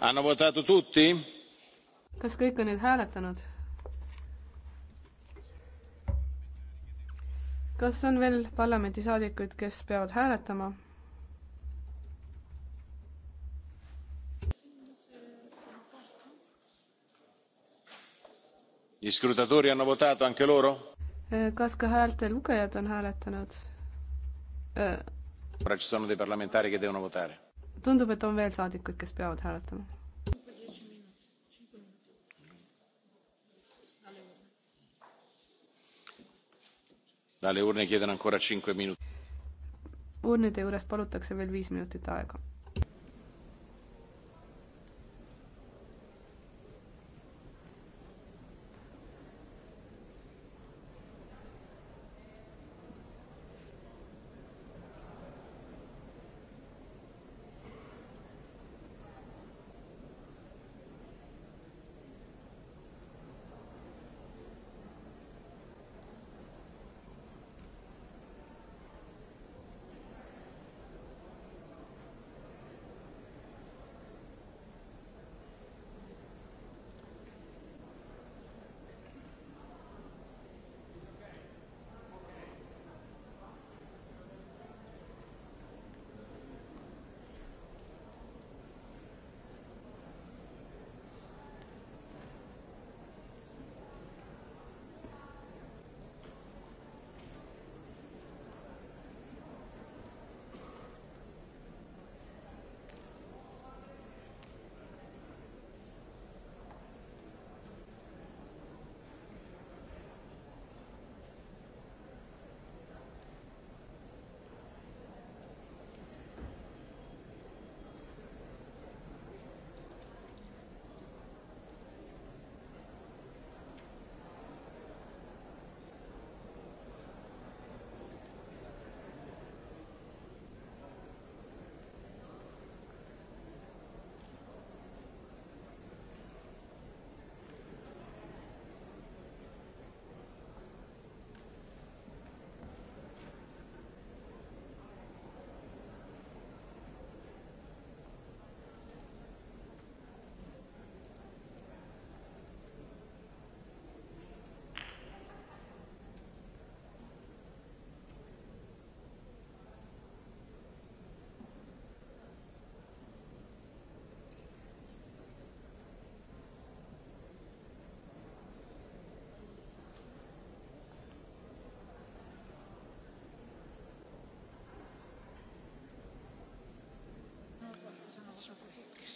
hanno votato tutti? kas kõik on nüüd hääletanud? kas on veel parlamendisaadikuid, kes peavad hääletama? gli scrutatori hanno votato anche loro? Eh, kas ka häälte lugejad on hääletanud? Eh, ora ci sono dei parlamentari che devono votare tundub, et on veel saadikuid, kes peavad hääletama. Dalle urne chiedono ancora cinque minuti. urnide juures palutakse veel viis minutit aega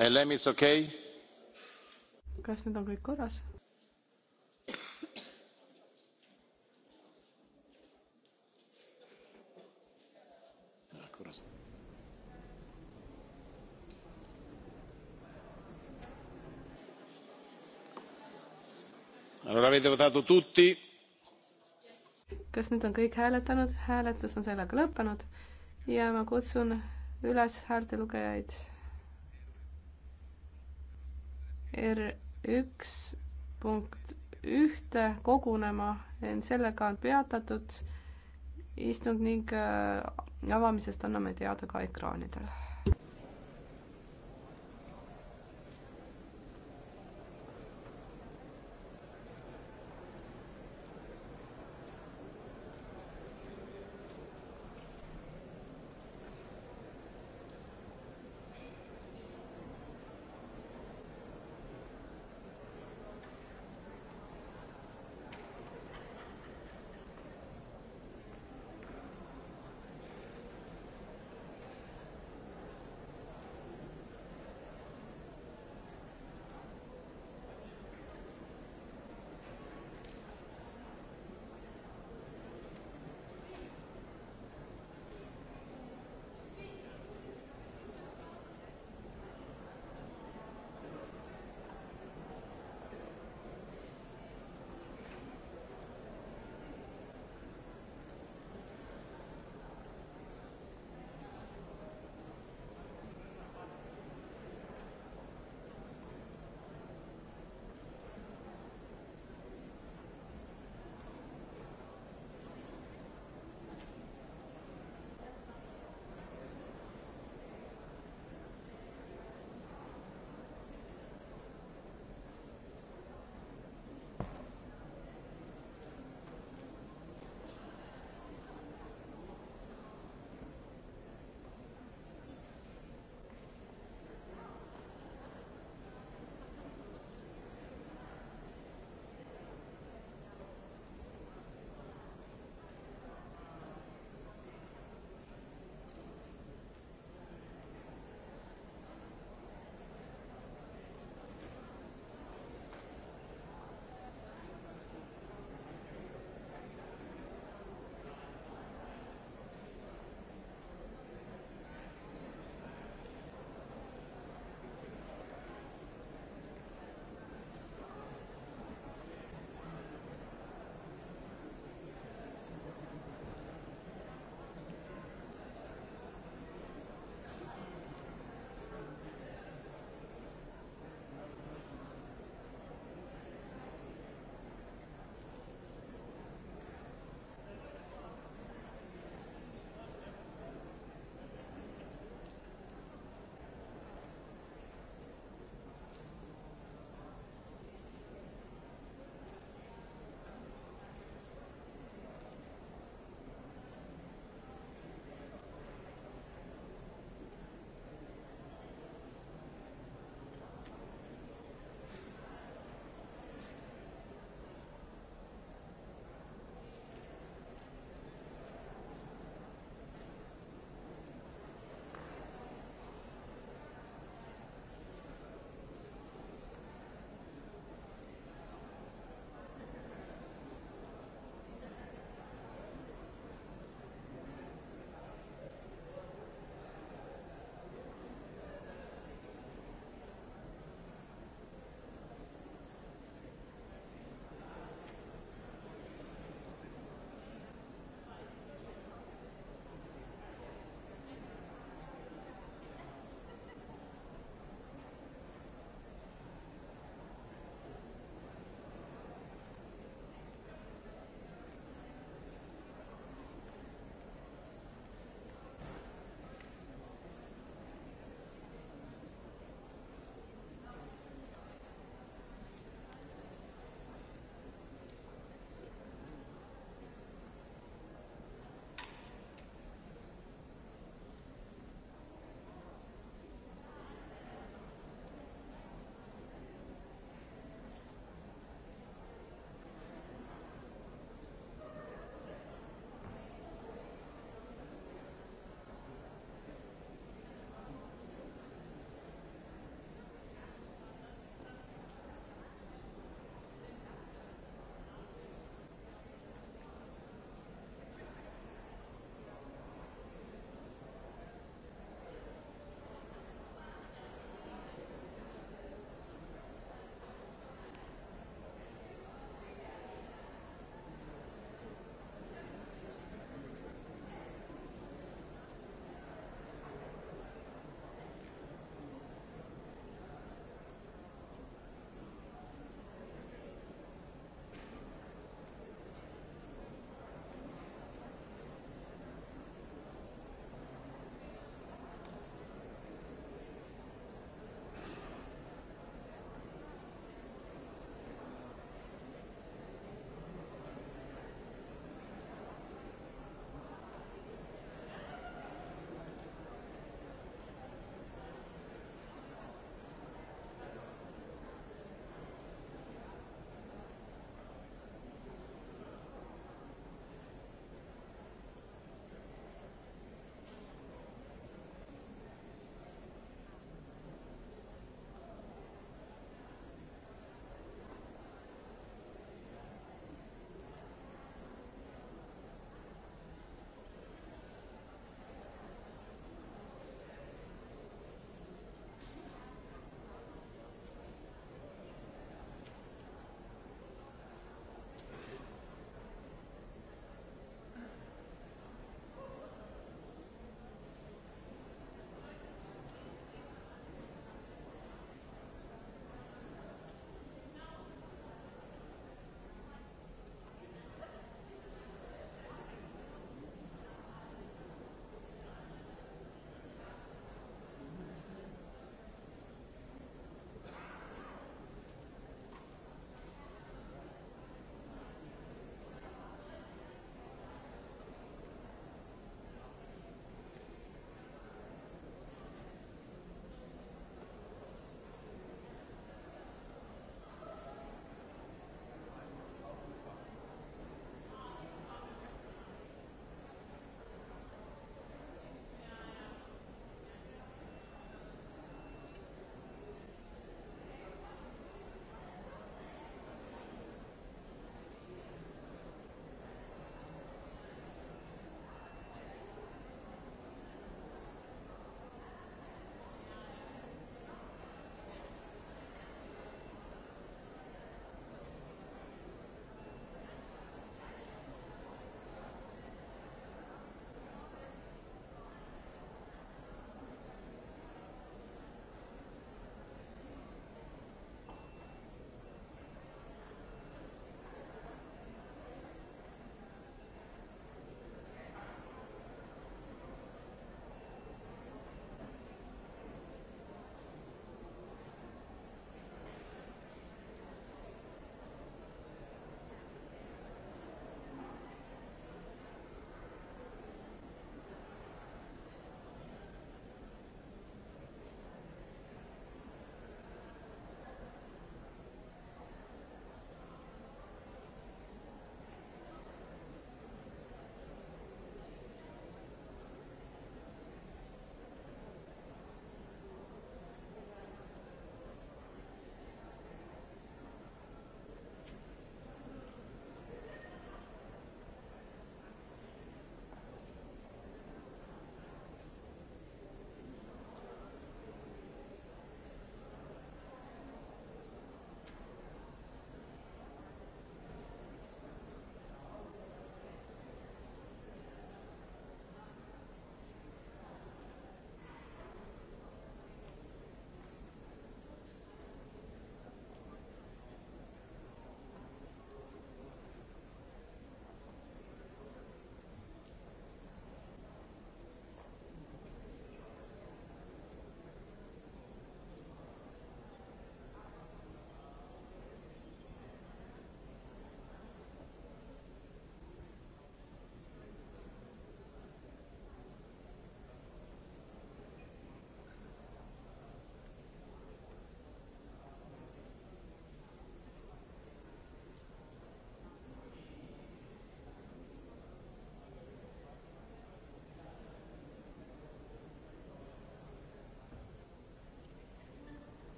Helem is okei okay.? kas nüüd on kõik korras? allora avete votato tutti? kas nüüd on kõik hääletanud? hääletus on sellega lõppenud ja ma kutsun üles häältelugejaid R üks punkt ühte kogunema, sellega on peatatud istung ning äh, avamisest anname teada ka ekraanidel.